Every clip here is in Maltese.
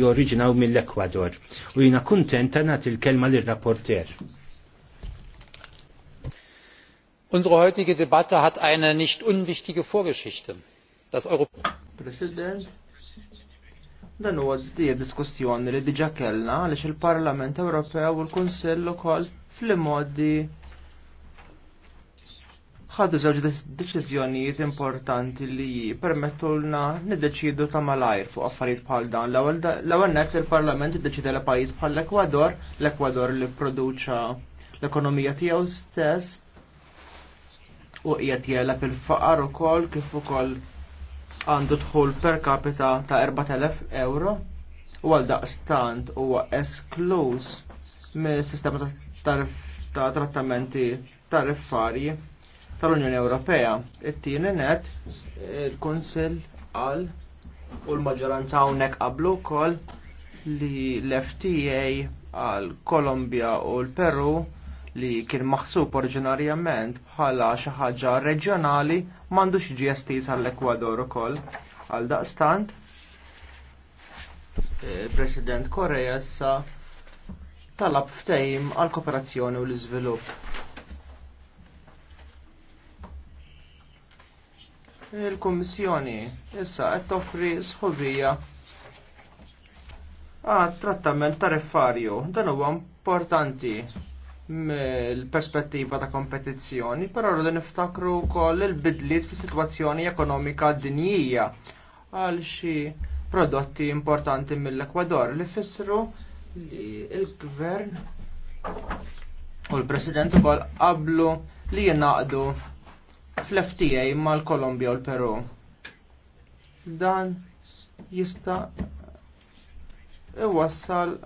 joriġinaw mill-Ekwador. U jina kuntenta nat il-kelma l-rapporter. Unsere heutige Debatte hat eine nicht unwichtige Vorgeschichte. Das Präsident, dan huwa dija diskussjoni li diġa kellna għaliex il-Parlament Ewropew u l-Kunsill ukoll fl-immodi ħadu żewġ deċiżjonijiet importanti li permettulna niddeċidu ta' malajr fuq affarijiet bħal dan. L-ewwel nett il-Parlament iddeċida l pajjiż bħal l-Ekwador, l-Ekwador li produċa l-ekonomija tiegħu stess u qiegħed jelab il-faqar ukoll kif ukoll għandu dħul per capita ta' 4000 euro u għal daqstant huwa esklus mis-sistema ta' trattamenti tariffarji tal-Unjoni Ewropea. It-tieni net il-Kunsill qal u l-maġġoranza hawnhekk qablu wkoll li l-FTA għal Kolombja u l-Peru li kien maħsub oriġinarjament bħala xi ħaġa reġjonali m'għandux GST sal-Ekwador ukoll għal daqstant. Il-President Korea issa talab ftehim għal kooperazzjoni u l-iżvilupp il-Kummissjoni issa qed toffri sħobija għat trattament tariffarju. Dan huwa importanti mill-perspettiva ta' kompetizzjoni, però rridu niftakru wkoll il-bidliet fis-sitwazzjoni ekonomika dinjija għal xi prodotti importanti mill-Ekwador li fissru li il-gvern u l-president ukoll qablu li jinaqdu fl-FTA mal kolumbja u l-Peru. Dan jista' iwassal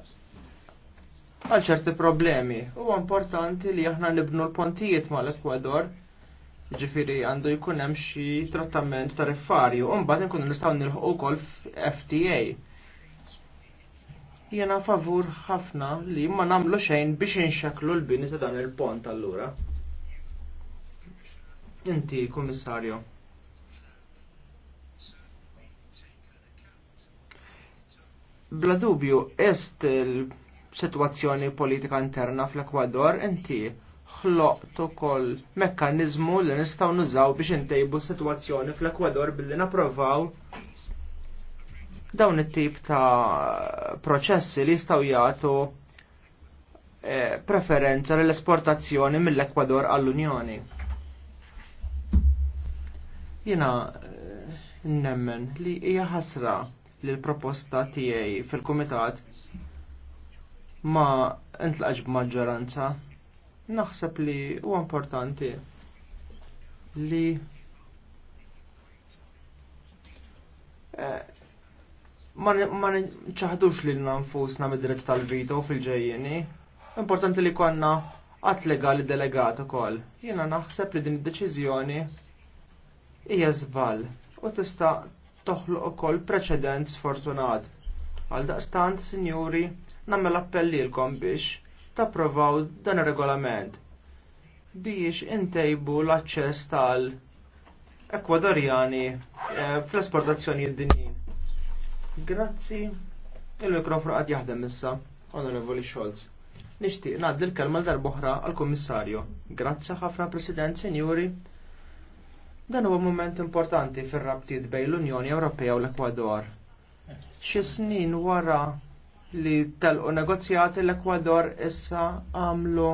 għal ċerti problemi. U importanti li aħna nibnu l-pontijiet mal-Ekwador, ġifiri għandu jkun hemm xi trattament tariffarju, u mbagħad nkunu nistgħu nilħu wkoll fl-FTA. Jena favur ħafna li ma nagħmlu xejn biex inxaklu l-bini ta' dan il-pont allura. Inti, Kummissarju. Bla dubju, est il-situazzjoni politika interna fl-Ekwador, inti ħloqtu ukoll mekkaniżmu li nistgħu nużaw biex intejbu situazzjoni fl-Ekwador billi napprovaw dawn it-tip ta' proċessi li jistgħu jagħtu eh, preferenza l-esportazzjoni mill-Ekwador għall-Unjoni jina eh, nemmen li hija ħasra li l-proposta tiegħi fil-kumitat ma intlaqx b'maġġoranza. Naħseb li huwa importanti li eh, ma nċaħdux li nanfusna mid-dritt tal-vito fil-ġejjeni. Importanti li konna għat legali delegat ukoll. Jiena naħseb li din id-deċiżjoni hija żball u tista' toħloq ukoll preċedent sfortunat. Għal daqstant, sinjuri, nagħmel appellilkom biex tapprovaw dan ir-regolament biex intejbu l-aċċess tal-Ekwadorjani eh, fl-esportazzjoni id dinin Grazzi, il-mikrofon għad jaħdem issa, Onorevoli Scholz. Nixtieq ngħaddi l-kelma l-darbohra għall kummissarju Grazzi ħafna President, Sinjuri. Dan huwa moment importanti fir-rabtiet bejn l-Unjoni Ewropea u l-Ekwador. Xi snin wara li telqu negozjati l-Ekwador issa għamlu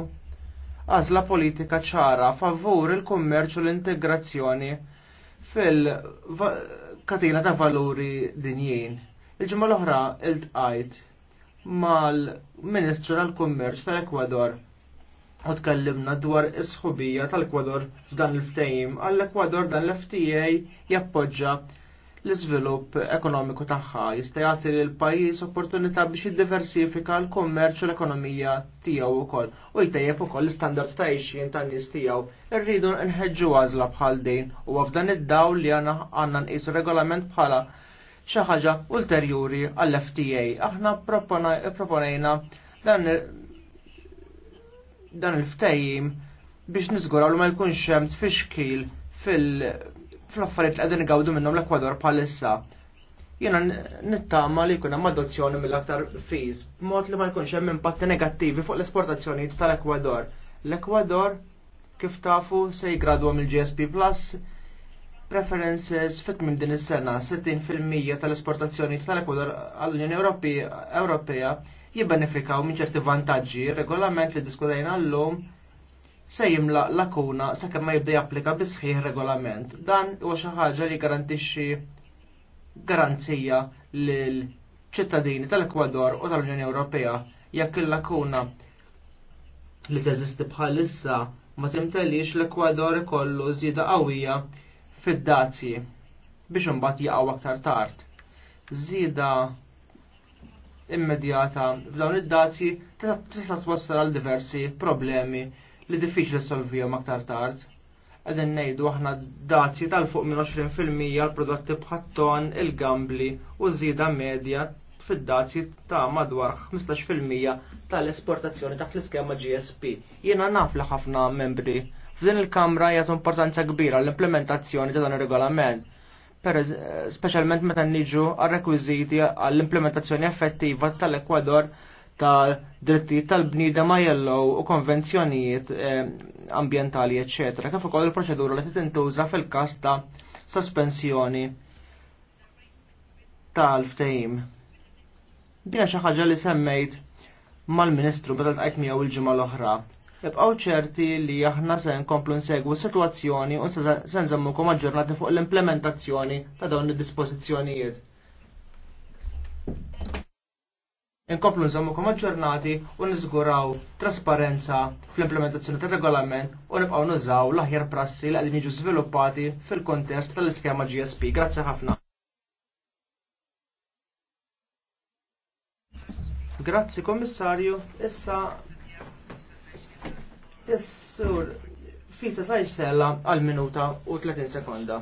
għażla politika ċara favur il-kummerċ u l-integrazzjoni fil-katina ta' valuri dinjin. Il-ġimgħa l-oħra tqajt mal-Ministru tal-Kummerċ tal-Ekwador U tkellimna dwar is-sħubija tal-Ekwador f'dan il-ftehim. Għall-Ekwador dan l-FTA jappoġġa l-iżvilupp ekonomiku tagħha jista' jagħti lil pajjiż opportunità biex jiddiversifika l-kummerċ u l-ekonomija tiegħu wkoll u jtejjeb ukoll l-istandard ta' għixjien tan-nies tiegħu. Irridu nħeġġu għażla bħal din u f'dan id-dawl li għandna nqisu regolament bħala xi ħaġa ulterjuri għall-FTA. Aħna proponajna dan dan il ftajim biex nizguraw li ma jkunx hemm tfixkil fil fl-affarijiet li qegħdin igawdu minnhom l-Ekwador bħalissa. Jiena nittama li jkun hemm adozzjoni mill-aktar fiż b'mod li ma jkunx hemm impatti negattivi fuq l-esportazzjonijiet tal-Ekwador. L-Ekwador kif tafu se jgradwa mill-GSP Plus preferences fit minn din is-sena 60% tal-esportazzjonijiet tal-Ekwador għall-Unjoni Ewropea jibbenefikaw minn ċerti vantaġġi. Regolament li diskutajna l-lum se jimla lakuna sakemm ma jibda japplika bisħiħ regolament. Dan huwa xi ħaġa li garantixxi garanzija lil ċittadini tal-Ekwador u tal-Unjoni Ewropea jekk il-lakuna li teżisti bħalissa ma timtellix l-Ekwador ikollu żieda qawwija fid-dazji biex imbagħad jaqgħu aktar tard. Zida immedjata f'dawn id-dati tista' twassal għal diversi problemi li diffiċli solvijhom aktar tard. Qegħdin ngħidu aħna dati tal fuq minn 20% għal prodotti bħatton, il-gambli u żieda medja fid-dati ta' madwar 15% tal-esportazzjoni taħt l-iskema GSP. Jiena naf li ħafna membri f'din il-Kamra jagħtu importanza kbira l-implementazzjoni ta' dan ir-regolament per specialment meta niġu għal-rekwiziti għall-implementazzjoni effettiva tal-Ekwador ta' drittijiet tal-bnida ma' jellow u konvenzjonijiet eh, ambientali, ecc. Kif ukoll il-proċedura li titintuża fil-każ ta' sospensjoni tal-ftehim. Dina xi ħaġa li semmejt mal-Ministru meta tqajt miegħu il-ġimgħa l-oħra Ibqgħu ċerti li aħna se nkomplu nsegwu s-sitwazzjoni u se nżammukom aġġornati fuq l-implementazzjoni ta' dawn id-dispożizzjonijiet. Inkomplu nżammukom aġġornati u niżguraw trasparenza fl-implementazzjoni tar regolament u nibqgħu nużaw l-aħjar prassi li għadin jiġu żviluppati fil-kontest tal-iskema GSP. Grazzi ħafna. Grazzi Kommissarju, issa Jessur, fisa sa sella għal minuta u 30 sekonda.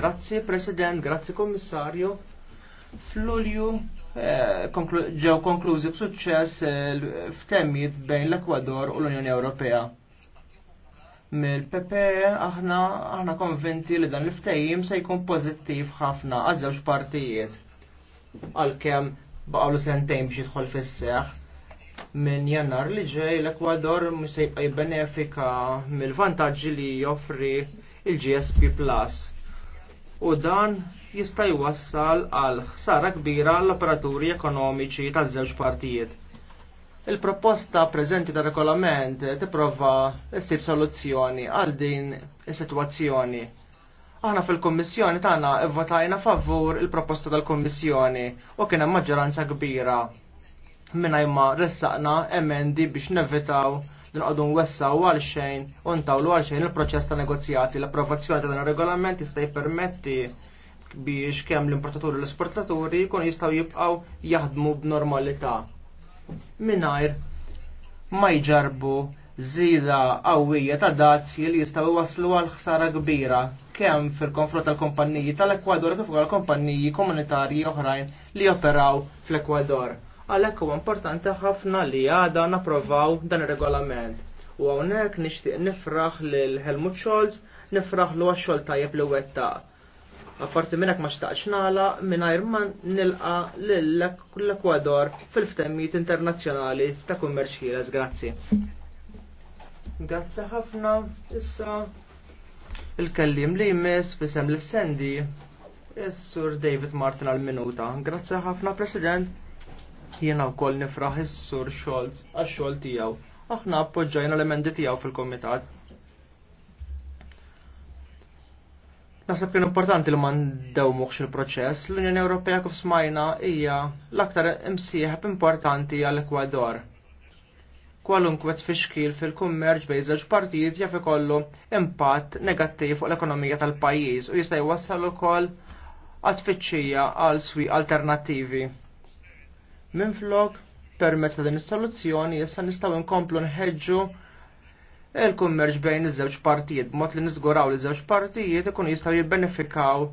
Grazzi President, grazzi Kommissarju. F'Lulju eh, ġew konklużi b'suċċess eh, f'temmijiet bejn l-Ekwador u l-Unjoni Ewropea. Mill-PPE aħna aħna konvinti li dan l-ftehim se jkun pożittiv ħafna għaż żewġ partijiet. Għalkemm baqgħu sentejn biex jidħol fis-seħħ minn jannar li ġej l-Ekwador se jibbenefika mill-vantaġġi li joffri il-GSP Plus. U dan jista' jwassal għal ħsara kbira għall operaturi ekonomiċi taż-żewġ partijiet. Il-proposta preżenti tar regolament tipprova ssib soluzzjoni għal din is-sitwazzjoni. Aħna fil-Kommissjoni tagħna vvotajna favur il-proposta tal-Kommissjoni u kien hemm maġġoranza kbira minna jimma ressaqna emendi biex nevitaw l-nqodun wessaw għal xejn ntaw għal xejn il-proċess ta' negozjati. L-approvazzjoni ta' dan il-regolament jista' jippermetti biex kemm l-importaturi u l-esportaturi jkun jistgħu jibqgħu jaħdmu b'normalità. Mingħajr ma jġarbu zida qawwija ta' dazzi li jistgħu waslu għal ħsara kbira kemm fil-konfront tal-kompanniji tal-Ekwador kif ukoll kompanniji komunitarji oħrajn li operaw fl-Ekwador għalhekk huwa importanti ħafna li għada napprovaw dan ir-regolament. U hawnhekk nixtieq nifraħ lil Helmut Scholz, nifraħ l xogħol tajjeb li wetta. Apparti minnek ma xtaqx nagħla mingħajr ma nilqa l-Ekwador fil-ftemmijiet internazzjonali ta' kummerċ ħieles, grazzi. Grazzi ħafna, issa il-kellim li jmiss fisem l-sendi, is-sur David Martin għal-minuta. Grazzi ħafna, President. Jiena wkoll nifraħ is-sur xolz għax-xogħol tiegħu. Aħna appoġġajna l-emendi tiegħu fil-Komitat. Nasab kien importanti li man dewmuħx il-proċess, l-Unjoni Ewropea kif smajna hija l-aktar imsieħeb importanti għall ekwador Kwalunkwe tfixkil fil-kummerġ bejn żewġ partijiet jaf ikollu impatt negattiv fuq l-ekonomija tal-pajjiż u jista' jwassal ukoll għat tfittxija għal swi alternattivi. Minflok, permezz ta' din is-soluzzjoni issa nistgħu nkomplu nħeġġu il-kummerċ bejn iż-żewġ partijiet b'mod li niżguraw li żewġ partijiet ikun jistgħu jibbenefikaw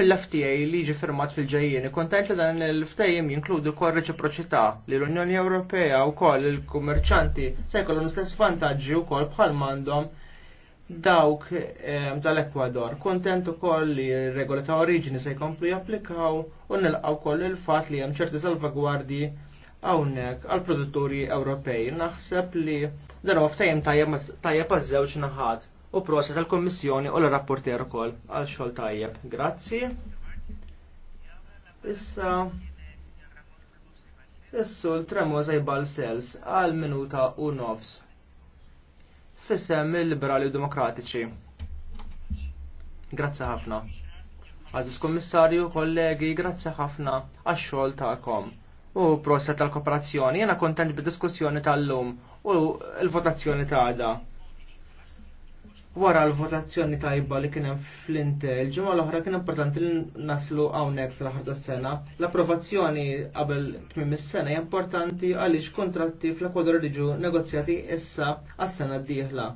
mill-FTA li jiġi firmat fil ġejjieni Kontent li dan l-FTA jinkludi wkoll reċiproċità li l-Unjoni Ewropea wkoll il-kummerċanti se jkollhom l-istess vantaġġi wkoll bħal m'għandhom dawk tal-Ekwador. Ehm, kontentu ukoll li regoli ta' oriġini se jkomplu japplikaw u nilqaw koll il-fatt li hemm ċerti salvagwardi hawnhekk għal produtturi Ewropej. Naħseb li dan huwa ftajem tajjeb għaż-żewġ naħat u prosa tal-Kommissjoni u l-rapporter ukoll għal xogħol tajjeb. Grazzi. Issa Issu l tremoza jibal sels għal minuta u nofs fissem il-liberali u demokratiċi. Grazzi ħafna. Għaziz kommissarju, kollegi, grazzi ħafna għax-xogħol tagħkom. U proset tal-kooperazzjoni, jena kontent bid-diskussjoni tal-lum u l-votazzjoni ta' għada wara l-votazzjoni tajba li kienem fl-Intel, ġimgħa l-oħra kien importanti li naslu hawnhekk sal s sena. L-approvazzjoni qabel tmiem is-sena hija importanti għaliex kontratti fl-Ekwador diġu negozjati issa għas-sena d-dieħla.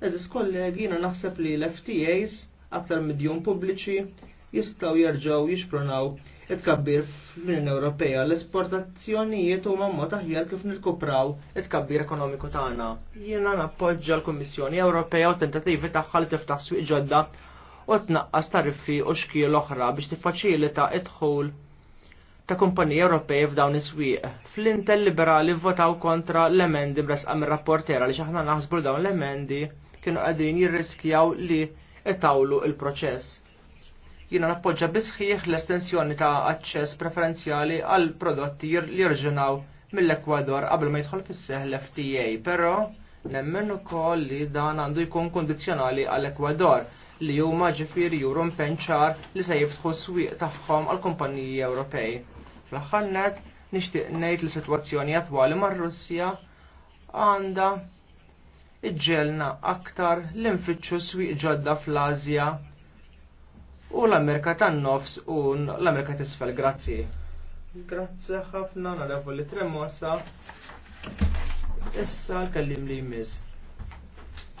Eżis kollegi jiena naħseb li l-FTAs aktar midjum pubbliċi jistgħu jerġgħu jixpronaw it-kabbir fl-Unjoni Ewropea. L-esportazzjonijiet huma mod aħjar kif nirkupraw it-kabbir ekonomiku tagħna. Jiena nappoġġa l-Kummissjoni Ewropea u tentattivi tagħha li tiftaħ swieq ġodda u tnaqqas tariffi u xkiel oħra biex tiffaċilita id-dħul ta' kumpanija Ewropej f'dawn is-swieq. Fl-intel liberali votaw kontra l-emendi mresqa mir rapportera li xaħna naħsbu dawn l-emendi kienu qegħdin jirriskjaw li itawlu il-proċess jiena nappoġġa bisħiħ l-estensjoni ta' aċċess preferenzjali għal prodotti li jirġunaw mill-Ekwador qabel ma jidħol fis-seħ l-FTA, però nemmen ukoll li dan għandu jkun kondizjonali għal Ekwador li huma ġifieri juru mpenċar li se jiftħu swieq tagħhom għal kumpaniji Ewropej. Fl-aħħar net nixtieq ngħid li sitwazzjoni attwali mar-Russja għandha iġġelna aktar l-infittxu swieq ġodda fl-Asja u l-Amerika tan-nofs u l-Amerika t'isfel. Grazzi. Grazzi ħafna narevu li tremossa. Issa l-kellim li jmiss.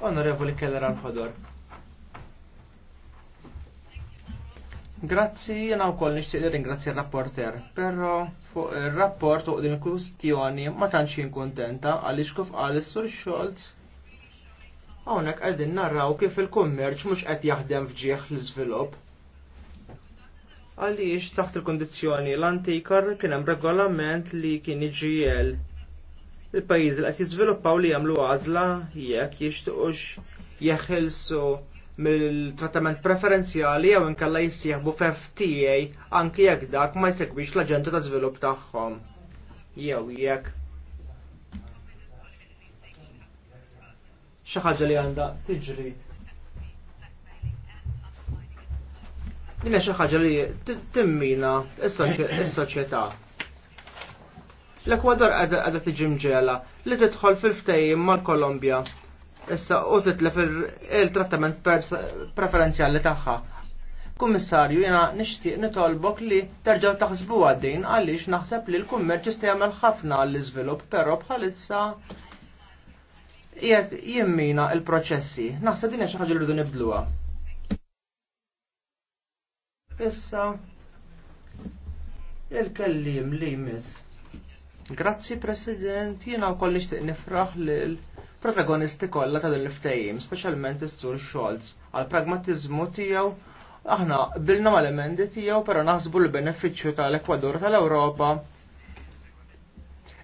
Onorevoli Keller għal-ħodor. Grazzi, jena u koll nishtiq ringrazzi il-rapporter, pero fuq il-rapport u din kustjoni ma tanċin kontenta għalix kif għal sur Scholz. Hawnhekk qegħdin narraw kif il-kummerċ mhux qed jaħdem fġieħ l-iżvilupp għaliex taħt il-kondizjoni l-antikar kien hemm regolament li kien iġiel il pajiz li qed jiżviluppaw li jagħmlu għażla jekk jixtiequx jeħilsu mill-trattament preferenzjali jew inkella jissieħbu f'FTA anki jekk dak ma jsegwix l-aġenda ta' żvilupp tagħhom. Jew jekk xi ħaġa li għandha tiġri Dinja xi ħaġa li timmina is soċjetà L-Ekwador qiegħda tiġi mġela li tidħol fil ftejim mal-Kolombja. Issa u titlef il-trattament preferenzjali tagħha. Kummissarju, jena nixtieq nitolbok li terġgħu taħsbu għaddin għaliex naħseb li l-kummerċ jista' jagħmel ħafna għall-iżvilupp, però bħalissa qiegħed jimmina l-proċessi. Naħseb din hija xi ħaġa li rridu nibdluha. Issa il-kellim li jmiss. Grazzi President, jiena kolli xtiq nifraħ l protagonisti kollha ta' din l-ftehim, speċjalment is-Sur Scholz, għal pragmatiżmu tiegħu aħna bilna mal-emendi tiegħu però naħsbu l-benefiċċju tal-Ekwador tal-Ewropa.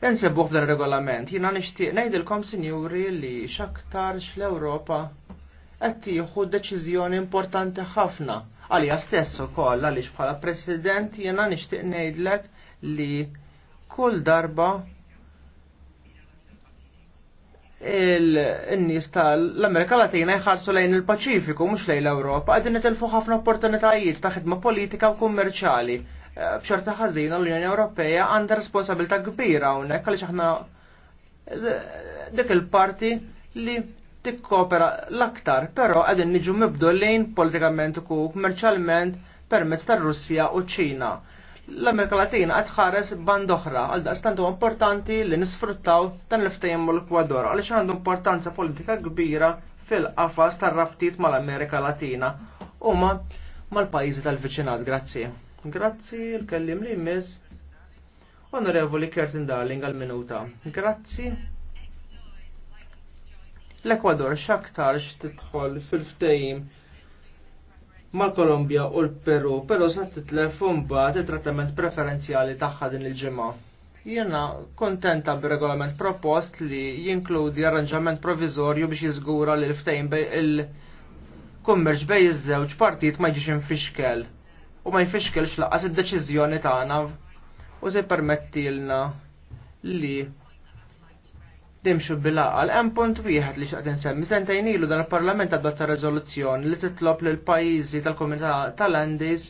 Nsebbu f'dan regolament, jiena nixtieq ngħidilkom sinjuri li x'aktarx l-Ewropa qed tieħu deċiżjoni importanti ħafna Għalija stess ukoll għaliex bħala President jiena nixtieq ngħidlek li kull darba il-nis tal-Amerika Latina jħarsu lejn il-Paċifiku, mux lejn l-Europa, għadin nitilfu ħafna opportunitajiet ta' ħidma politika u kummerċali. Bċerta eh, ħażina l-Unjoni Ewropea għandha responsabilità kbira hawnhekk għaliex aħna eh, dik il-parti li tikkopera l-aktar, però għadin niġu mibdu lejn politikament u kummerċjalment permezz tar-Russja u ċina L-Amerika Latina qed ħares band oħra għal huwa importanti li nisfruttaw dan l u l-Ekwador għaliex għandu importanza politika kbira fil-qafas tar-rabtiet mal-Amerika Latina u mal-pajjiżi tal-viċinat. Grazzi. Grazzi l-kellim li miss. Onorevoli Kertin Darling għal-minuta. Grazzi l-Ekwador x'aktarx tidħol fil-ftehim mal-Kolombja u l-Peru, però se titlef fumba it-trattament preferenzjali tagħha din il-ġimgħa. Jiena kontenta bir-regolament propost li jinkludi arranġament provizorju biex jiżgura li l-ftehim bej il kummerġ bej iż-żewġ partit ma jiġix fiskel u ma jfixkelx laqas id-deċiżjoni tagħna u tippermettilna li Timxu bil-aqal. Hemm punt wieħed li xaqed insemmi sentejn ilu dan il-Parlament adotta riżoluzzjoni li titlob lil pajjiżi tal-Komunità tal andis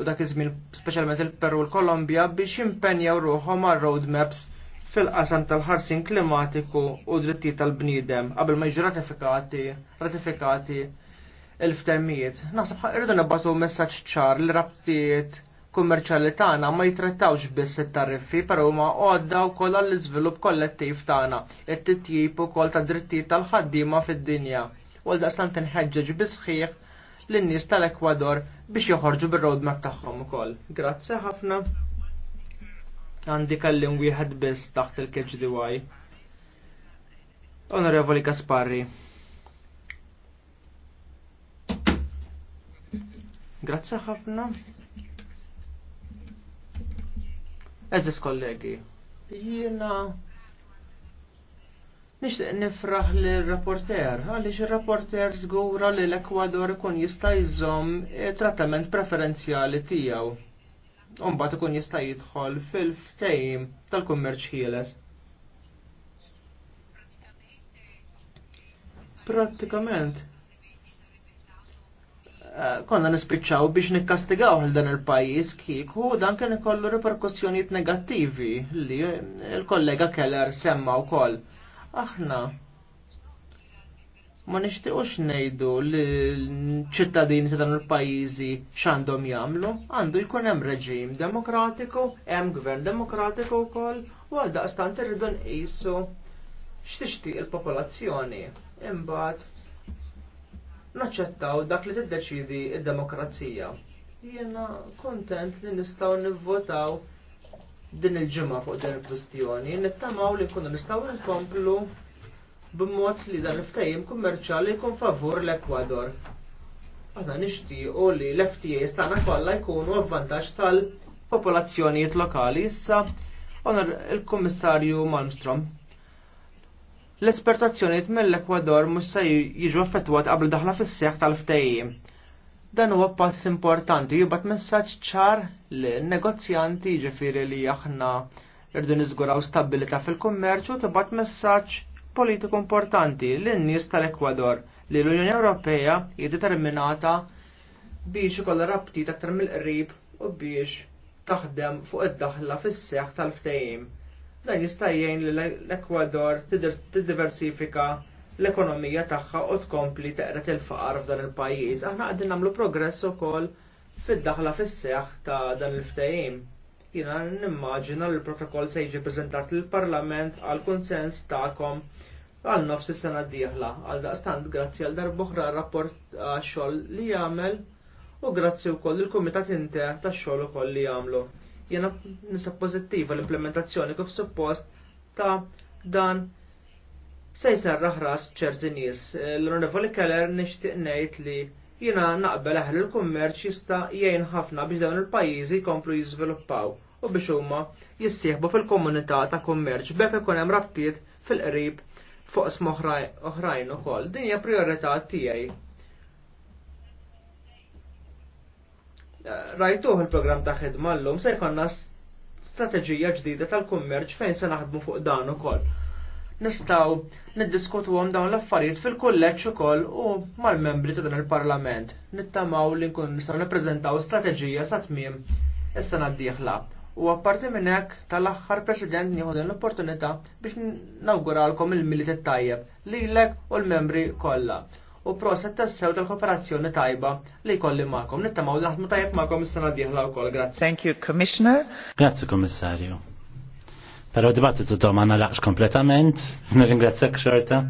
u dak iż-żmien speċjalment il-Peru u l-Kolombja biex jimpenjaw ruħhom għal roadmaps fil-qasam tal-ħarsin klimatiku u dritti tal-bniedem qabel ma jiġu ratifikati ratifikati il-ftemmijiet. Naħseb irridu nibbatu messaġġ ċar li rabtiet kummerċjali tagħna ma jitrattawx biss it-tariffi però huma għodda wkoll għall-iżvilupp kollettiv tagħna, it-titjib ukoll ta' drittijiet tal-ħaddiema fid-dinja. U daqstant inħeġġeġ bisħieħ lin-nies tal-Ekwador biex joħorġu bir-roadmap tagħhom ukoll. Grazzi ħafna. Għandi kellim wieħed biss taħt il-KGDY. Onorevoli Gasparri. Grazzi ħafna. Eżis kollegi, jiena nixtieq nifraħ li rapporter għaliex ir-rapporter żgura li l-Ekwador ikun jista' jżomm trattament preferenzjali tiegħu. Umba ikun jista' jidħol fil-ftejm tal-kummerċ ħieles. Pratikament Eh, konna nispiċċaw biex nikkastigaw għal dan il-pajis kieku dan kien ikollu reperkussjonijiet negattivi li il-kollega Keller semma wkoll. Aħna ma nixtiequx ngħidu li ċittadini ta' dan il-pajjiżi x'għandhom jagħmlu, għandu jkun hemm reġim demokratiku, hemm gvern demokratiku wkoll u għal daqstant irridu nqisu x'tixtieq il-popolazzjoni. Imbagħad naċċettaw dak li tiddeċidi id-demokrazija. Jiena kontent li nistgħu nivvotaw din il-ġimgħa fuq din il-kwistjoni, nittamaw li kunu nistgħu nkomplu b'mod li dan l-ftajim kummerċali jkun favur l-Ekwador. Aħna nixtiequ li l-FTAs tagħna kollha jkunu avvantaġġ tal-popolazzjonijiet lokali issa onor il-Kummissarju Malmstrom l-esportazzjoniet mill-Ekwador mhux se jiġu effettwat qabel daħla fis-seħħ tal-ftehim. Dan huwa pass importanti jibgħat messaġġ ċar li negozjanti ġifiri li aħna irdu niżguraw stabilità fil-kummerċ u tibgħat messaġġ politiku importanti lin-nies tal-Ekwador li l-Unjoni Ewropea hija determinata biex ikollha rabtiet aktar mill-qrib u biex taħdem fuq id-daħla fis-seħħ tal-ftehim. Dan jista' jgħin li l-Ekwador t-diversifika l-ekonomija tagħha u tkompli teqret il-faqar f'dan il-pajjiż. Aħna qegħdin nagħmlu progress ukoll fid-daħla fis-seħħ ta' dan il-ftehim. Jiena nimmaġina li l-protokoll se jiġi preżentat lill-Parlament għal kunsens tagħkom għal nofs is-sena d-dieħla. Għal daqstant grazzi għal darbohra rapport xogħol li jagħmel u grazzi wkoll il-Kumitat Inter tax-xogħol ukoll li jagħmlu jena nisa pozittiva l-implementazzjoni kif suppost ta' dan se jserraħ ras ċerti nies. L-Onorevoli Keller nixtieq ngħid li jena naqbel aħli l-kummerċ jista jgħin ħafna biex dawn il-pajjiżi jkomplu jiżviluppaw u biex huma jissieħbu fil-komunità ta' kummerċ bekk ikun hemm rabtiet fil-qrib fuq sma oħrajn ukoll. Din hija prijorità tiegħi. Eh, rajtuh il-programm ta' ħidma llum se jkollna strateġija ġdida tal-kummerċ fejn se naħdmu fuq dan ukoll. Nistgħu niddiskutu għom dawn l-affarijiet fil-kulleġġ ukoll u mal-membri ta' dan il-Parlament. Nittamaw li nkun nistgħu nippreżentaw strateġija sa tmiem is-sena d-dieħla. U apparti minn hekk tal-aħħar President nieħu din l-opportunità biex nawguralkom il-miliet tajjeb lilek u l-membri kollha u proset tassew tal-kooperazzjoni tajba li jkolli magħkom. Nittamaw naħdmu tajjeb s-sana diħla u wkoll. Grazie. Thank you, Commissioner. Grazzi, Kommissarju. Però dibattitu dom ma laqx kompletament, nirringrazzjak xorta.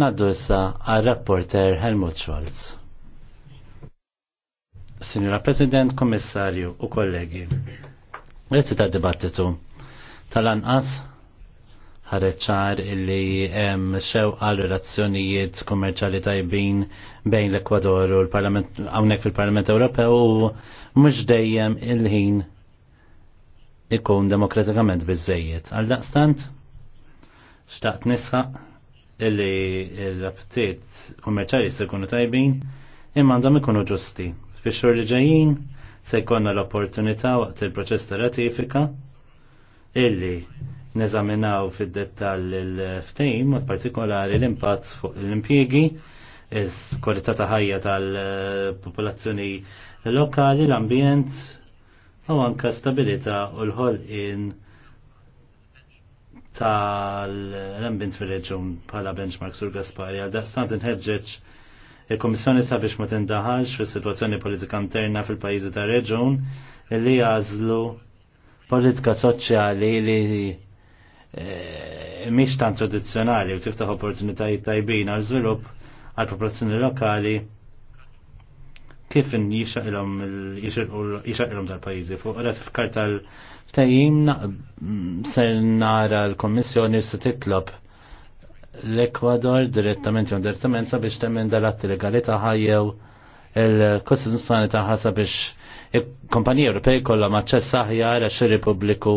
Naddu issa għal rapporter Helmut Scholz. Signora President, Kommissarju u kollegi. Grazzi tal-dibattitu. Tal-anqas, ħareċċar illi hemm xewqa relazzjonijiet kummerċjali tajbin bejn l-Ekwador u l-Parlament hawnhekk fil-Parlament Ewropew u mhux dejjem il-ħin ikun demokratikament biżejjed. Għal daqstant xtaqt nisa illi l-aptit kummerċjali se jkunu tajbin imma għandhom ikunu ġusti. Fix-xhur li ġejjin se jkollna l-opportunità waqt il-proċess ta' ratifika illi neżaminaw fid-dettall il-ftejm, mod partikolari l-impatt fuq l-impjegi, is-kwalità ta' ħajja tal-popolazzjoni lokali, l-ambjent, u anka stabilità u l in tal-ambjent fil-reġun bħala benchmark sur Gaspari, għal daqstant inħedġeċ il-Komissjoni sabiex ma tindaħax fis-sitwazzjoni politika interna fil-pajjiżi tar-reġun li jażlu politika soċjali li Eh, mhix tant tradizzjonali u tiftaħ opportunitajiet tajbin għal żvilupp għal popolazzjoni lokali kif jixaqilhom jixaqilhom tal-pajjiżi fuq ratifikar tal-ftajim se nara l-Kommissjoni se titlob l-Ekwador direttament jew direttament sabiex temmen dal-atti legali taħħa jew il-Kostituzzjoni taħħa sabiex il-kompanija Ewropej kollha maċċess aħjar għax pubbliku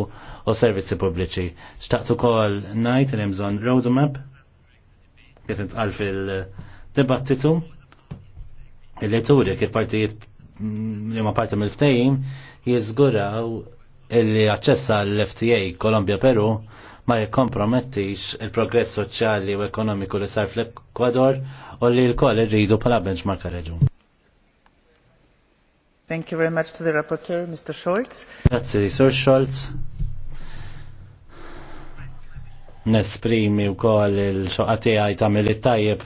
u servizzi pubbliċi. Xtaqt ukoll ngħid li bżonn roadmap kif intqal fil-dibattitu illi turi kif partijiet mm, li ma parti mill-ftejim jiżguraw illi aċċessa l-FTA Kolombia Peru ma jikkompromettix il-progress soċjali u ekonomiku li sar fl-Ekwador u li l-koll irridu pala benchmark reġun. Thank you very much to the rapporteur, Mr. Scholz. Grazie, Sir Scholz. Nesprimi u koll il-xoqati għaj tamil il-tajib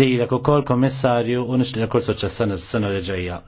li l-ekokol komissarju u nix l-ekol soċessan s-sena li